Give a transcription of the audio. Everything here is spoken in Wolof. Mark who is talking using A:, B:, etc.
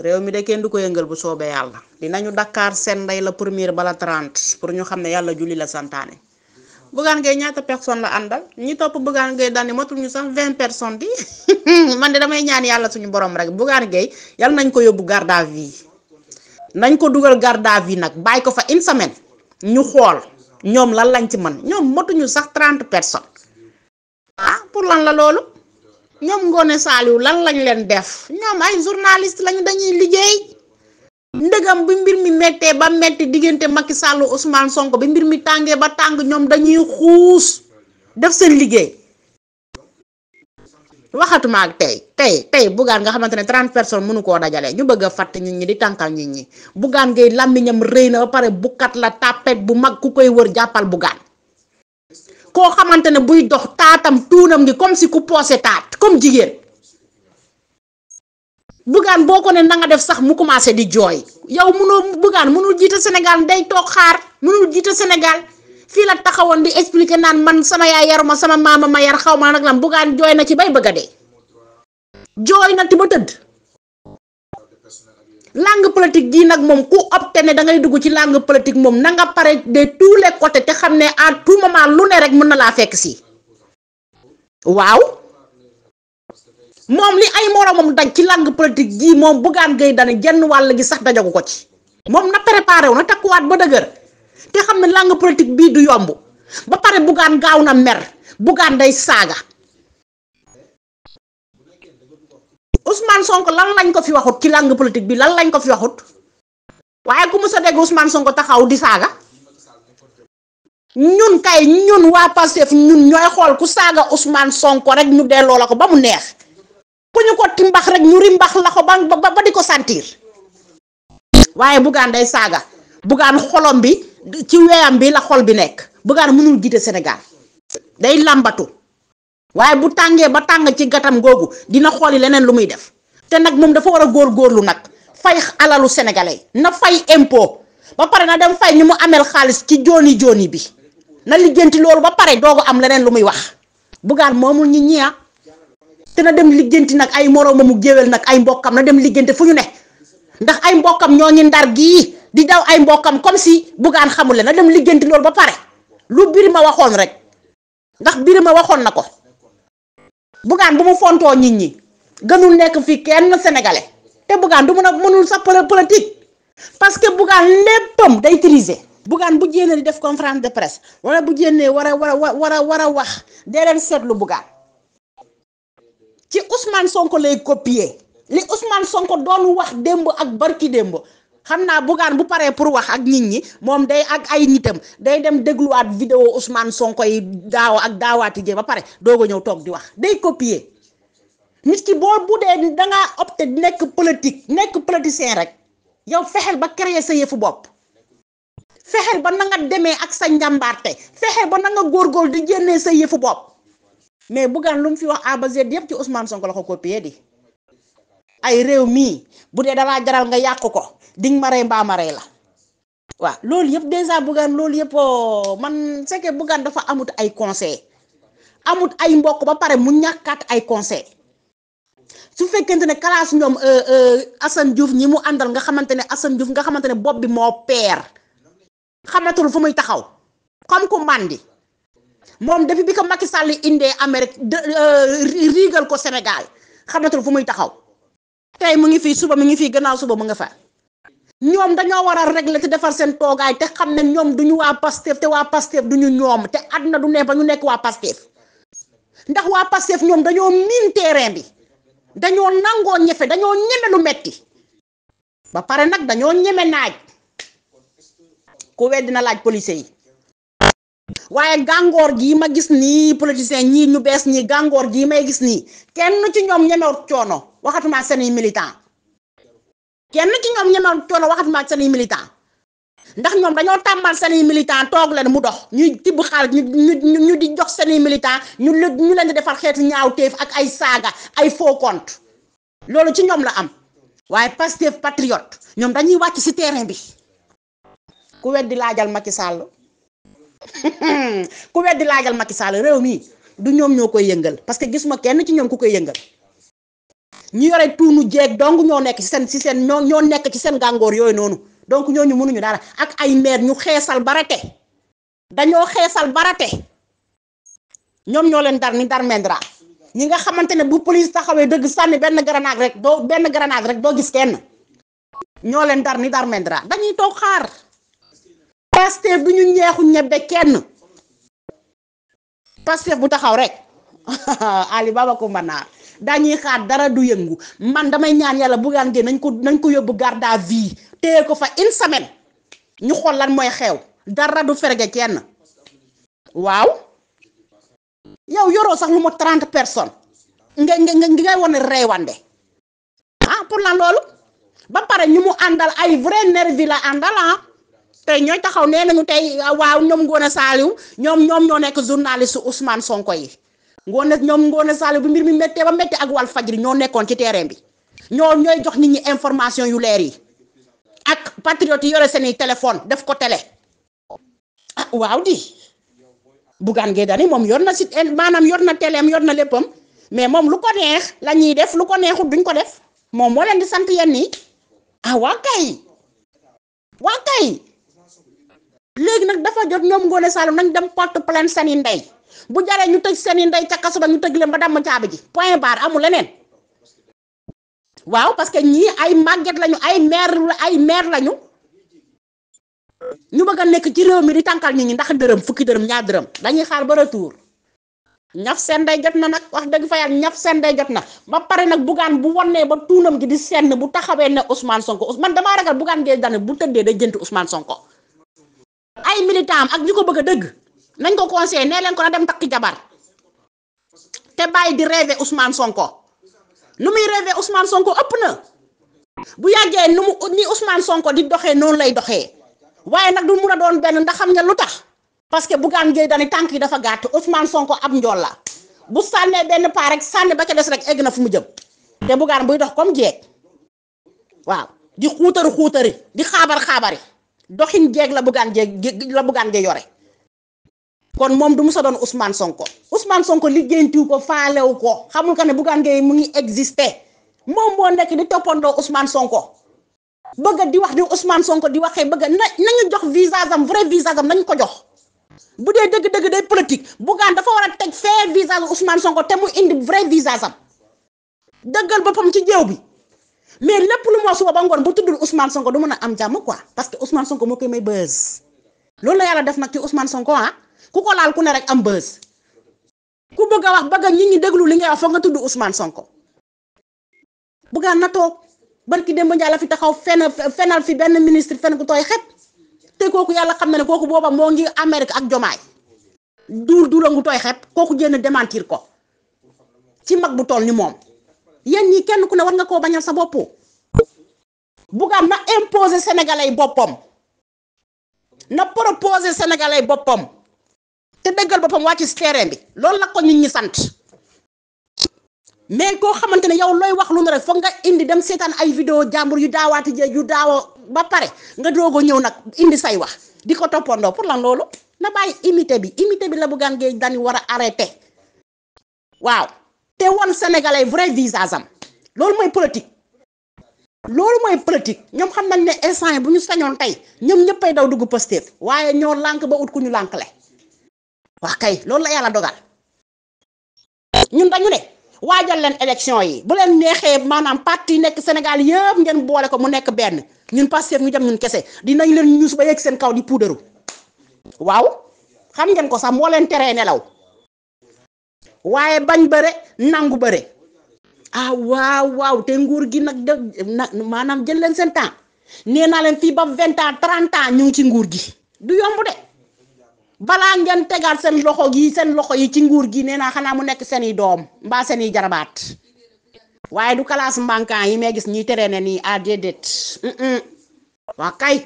A: réew mi de kenn du ko yëngal bu soobee yàlla dinañu dakaar seen ndey la première bala 30 pour ñu xam ne yàlla julli la santaane Bougane Gueye ñaata personne la àndal ñi topp Bougane Gueye daan ne matul ñu sax 20 man de damay ñaan yàlla suñu borom rek Bougane Gueye yàlla nañ ko yóbbu garde à vue nañ ko dugal garde à vue nag bàyyi ko fa une semaine ñu xool ñoom lan lañ ci mën ñoom matuñu sax 30 person ah pour lan la loolu. ñoom Ngoone Saliou lan lañ leen def ñoom ay journaliste lañu dañuy liggéey ndëgam bi mbir mi mettee ba métti diggante Macky Sall Ousmane Sonko bi mbir mi tàngee ba tàng ñoom dañuy xuus def seen liggéey waxatuma ak tey tey tey Bougane nga xamante ne trente personnes mënu koo dajalee ñu bëgg a fàtt nit ñi di tànkal nit ñi Bougane ngay làmmiñam rëy na ba pare bukkat la tàppet bu mag ku koy wër jàppal Bougane koo xamante ne buy dox taatam tuunam gi comme si ku poose taat comme jigéen bugaan boo ko ne na nga def sax mu commencé di jooy yow munoo bugaan munul jiite Sénégal day toog xaar munul jiite Sénégal fii la taxawoon di expliquer naan man sama yaay yaruma sama maama ma yar xaw ma nag lan bugaan jooy na ci bay bëgg a dee jooy na ti ba tëdd. langue politique gii nag moom ku opté ne da ngay dugg ci làng politique moom na nga pare de tous les te xam ne à tout moment lu ne rek mën na laa fekk si waaw moom li ay moroomam daj ci langue politique gii moom Bougane gay Dany jenn wàll gi sax dajagu ko ci moom na préparé wu na takkuwaat ba dëgër te xam ne langue politique bii du yomb ba pare Bougane gaaw na mer Bougane day saaga Ousmane sonk lan lañ ko fi waxut ci langue politique bi lan lañ ko fi waxut waaye ku mu sa dégg Ousmane Sonko taxaw di saaga ñun kay ñun waa Pastef ñun ñooy xool ku saaga Ousmane Sonko rek ñu delloo la ko ba mu neex ku ñu ko timbax rek ñu mbax la ko ba ba di ko santiir waaye Bougane day saaga Bougane xolom bi ci weyam bi la xol bi nekk Bougane mënul jiite Sénégal day làmbatu waaye bu tàngee ba tàng ci gatam googu dina xooli leneen lu muy def te nag moom dafa war a góor góorlu nag fay alalu sénégalais na fay impôt ba pare na dem fay ñu mu amel xaalis ci jooni jooni bi na lijjanti loolu ba pare ko am leneen lu muy wax bugaan moomul ñi ñiya ah. te na dem lijjanti nag ay moroomamu géwél nag ay mbokkam na dem lijjanti fu ñu ne ndax ay mbokkam ñoo ñi ndar gii di daw ay mbokkam comme si bugaan xamul na dem lijjanti loolu ba pare lu Birima waxoon rek ndax Birima waxoon na ko bu mu fontoo nit gënul nekk fii kenn sénégalais te Bougane du mun a sax sa politique parce que Bougane léppam day triser Bougane bu jénne di def conférence de presse wala bu jénnee war a war war a war a wax dee leen seetlu Bougane ci Ousmane Sonko lay copier li Ousmane Sonko doon wax démb ak barki démb xam naa Bougane bu paree pour wax ak nit ñi moom day ak ay nitam day dem dégluwaat vidéo Ousmane Sonko yi daaw ak daawaati jee ba pare doog a ñëw toog di wax day copier. nit ki boo bu dee ni da ngaa opté nekk politique nekk politicien rek yow fexeel ba créer sa yëfu bopp fexel ba na nga demee ak sa njàmbaarte fexeel ba na nga góor di génnee sa yëfu bopp mais Bougane lu mu fi wax A ba yëpp ci Ousmane Sonko la ko copié di ay réew mii bu dee dalaa jaral nga yàq ko ding ma rey mbaa rey la waaw loolu yëpp dèjà Bougane loolu yëpp oh, man c'est que Bougane dafa amut ay conseil amut ay mbokk ba pare mu ñàkkaat ay conseil su fekkente ne kalaas ñoom euh, euh, Assane Diouf ñi mu àndal nga xamante ne Assane Diouf nga xamante ne bopp bi moo peer xamatul fu muy taxaw xam ku màndi moom depuis bi ko Macky Sall indee Amérique euh, riigal ko Sénégal xamatul fu muy taxaw tey mu ngi fii suba mu ngi fii gannaaw suba mu nga fa ñoom dañoo war a régler te defar seen toogaay te xam ne ñoom du ñu waa Pastef te waa Pastef du ñu ñoom te àdduna du ne ba ñu nekk waa Pastef ndax waa Pastef ñoom dañoo miin terrain bi. dañoo nangoo ñefe dañoo ñeme lu metti ba pare nag dañoo ñeme naaj ku weddi na laaj police yi waaye gàngoor gii ma gis nii politicien ñii ñu bees ñii gàngoor gii may gis nii kenn ci ñoom ñemewut coono waxatumaa seeni militant kenn ci ñoom ñemewut coono waxatuma seeni militant ndax ñoom dañoo tàmbal seen i militant toog leen mu dox ñuy tibb xaalis ñu ñu ñu di jox seen militan militant ñu ñu leen di defar xeetu ñaaw téef ak ay saaga ay faux compte loolu ci ñoom la am waaye Pastef patriote ñoom dañuy wàcc si terrain bi ku weddi laajal Macky Sall ku weddi laajal Macky Sall réew mi du ñoom ñoo koy yëngal parce que gisuma kenn ci ñoom ku koy yëngal ñu yore tuunu jeeg dong ñoo nekk ci seen seen ñoo ñoo nekk ci seen gàngoor yooyu noonu. donc ñooñu mënuñu dara ak ay maire ñu xeesal barate dañoo xeesal barate ñoom ñoo leen dar ni dar mendra ñi nga xamante ne bu police taxawee dëgg sànni benn grenade rek doo benn grenade rek doo gis kenn ñoo leen dar ni dar mendra dañuy toog xaar Pastef du ñu ñeexu ñebbe kenn Pastef bu taxaw rek Ali Baba Coumba Naar dañuy xaar dara du yëngu man damay ñaan yàlla bu gaan nañ ko nañ ko yóbbu garde à vue téye ko fa une semaine ñu xool lan mooy xew dara du ferge kenn waaw yow yoroo sax lu ma trente personnes nga nga nga ngay wane reewande ah pour lan loolu ba pare ñu mu àndal ay vrai nervi la àndal ah ñooy taxaw nee nañu tey ah, waaw ñoom Ngoné Saliou ñoom ñoom ñoo nekk journaliste Ousmane Sonko yi ngoone ñoom ngoone Sall bi mbir mi méttee ba méttee ak wàllu fajri ñoo nekkoon ci terrain bi ñoo ñooy jox nit ñi information yu leer yi ak patriote yi yore seeni téléphone def ko télé. ah waaw di Bougane Gueye moom yor na si maanaam yor na téléem yor na léppam mais moom lu ko neex la ñuy def lu ko neexut duñ ko def moom moo leen di sant yéen nii ah waa kay waa kay léegi nag dafa jot ñoom ngoone Sall nañ dem porte plainte seen ndey. bu jaree ñu tëj seen i ndey ca kaso ba tëj leen ba damm caabi ji point barre amul leneen waaw parce que ñii ay màgget lañu ay maire ay maire lañu ñu bëgg a nekk ci réew mi di tànkal ñi ñi ndax dërëm fukki dërëm ñaar dërëm dañuy xaar ba retour ñaf seen day jot na nag wax dëgg fa yàlla ñaf seen day jot na ba pare nag bugaan bu wonnee ba tuunam gi di senn bu taxawee ne Ousmane Sonko man damaa ragal bugaan gee dane bu tëddee day jënti Ousmane Sonko ay militant ak ñi ko bëgg a dëgg nañ ko conseillé nee leen ko na dem takki jabar te bàyyi di rêver Ousmane Sonko lu muy rêver Ousmane Sonko ëpp na bu yàggee nu mu ni Ousmane Sonko di doxee noonu lay doxee waaye nag du mun a doon benn ndaxam xam nga lu tax parce que Bougane Gueye Dany tànk yi dafa gàtt Ousmane Sonko ab njool la bu sànnee benn paa rek sànni ba ca des rek egg na fu mu jëm te Bougane buy dox comme jeeg waaw di xuutari xuutari di xaabar xaabari doxin jeeg la Bougane Gueye la Bougane Gueye yore. kon moom du mu sa doon Ousmane Sonko Ousmane Sonko liggéeyantiw ko faalewu ko xamul ko ne Bougane ngee mu ngi existé moom moo nekk di toppandoo Ousmane Sonko bëgg di wax di Ousmane Sonko di waxee bëgg na nañu jox visa am vrai visa am nañu ko jox. bu dëgg-dëgg day politique Bougane dafa war a teg fee visa Ousmane Sonko te mu indi vrai visa am dëggal boppam ci jéew bi mais lépp lu moo suba ba ngoon bu Sonko du mën a jàmm quoi parce que Ousmane Sonko moo loolu la yàlla def nag ci Ousmane Sonko ah. ku ko laal ku ne rek am bës ku bëgg a wax bëgg ñi ñi déglu li ngay wax foog nga tudd Ousmane Sonko bëggaan na toog barki dem Ndiaye la fi taxaw fenn fenal fi benn ministre fenn ku tooy xet te kooku yàlla xam na ne kooku booba moo ngi Amérique ak jomaay duur duula ngu tooy xep kooku génn démentir ko ci mag bu tool ni moom yéen ñi kenn ku ne war nga koo bañal sa bopp bugaan na imposer sénégalais boppam na proposer sénégalais boppam te dëggal boppam waa ci terrain bi loolu la ko ñu ñi sant mais koo xamante ne yow looy wax lu ne rek foog nga indi dem seetaan ay vidéo jàmbur yu daawaati jë yu daawoo ba pare nga doog ñëw nag indi say wax di ko toppandoo pour la loolu na bàyyi imité bi imité bi la Bougane Gueye Dany war a arrêté waaw te wan sénégalais vrai visage am loolu mooy politique loolu mooy politique ñoom xam nañ ne instant bu ñu sañoon tey ñoom ñëppay daw dugg Pastef waaye ñoo lànk ba ut ku ñu lànkle wax kay loolu la yàlla dogal ñun dañu ne waajal leen élection yi bu leen neexee maanaam parti nekk Sénégal yëpp ngeen boole ko mu nekk benn ñun Pastef ñu dem ñun kese dinañ leen ñuus ba yegg seen kaw di puudaru waaw xam ngeen ko sax moo leen teree nelaw waaye bañ bëre nangu bëre ah waaw waaw te nguur gi nag de maanaam jël leen seen temps nee naa leen fii ba vingt ans trente ans ñu ngi ci nguur gi du yomb de. balaa ngeen tegaat seen loxo yi seen loxo yi ci nguur gi nee naa xanaa mu nekk seen i doom mbaa seen i jarabaat waaye du kalaas mbankaan yi may gis ñuy tere ne nii ah déedéet waa kay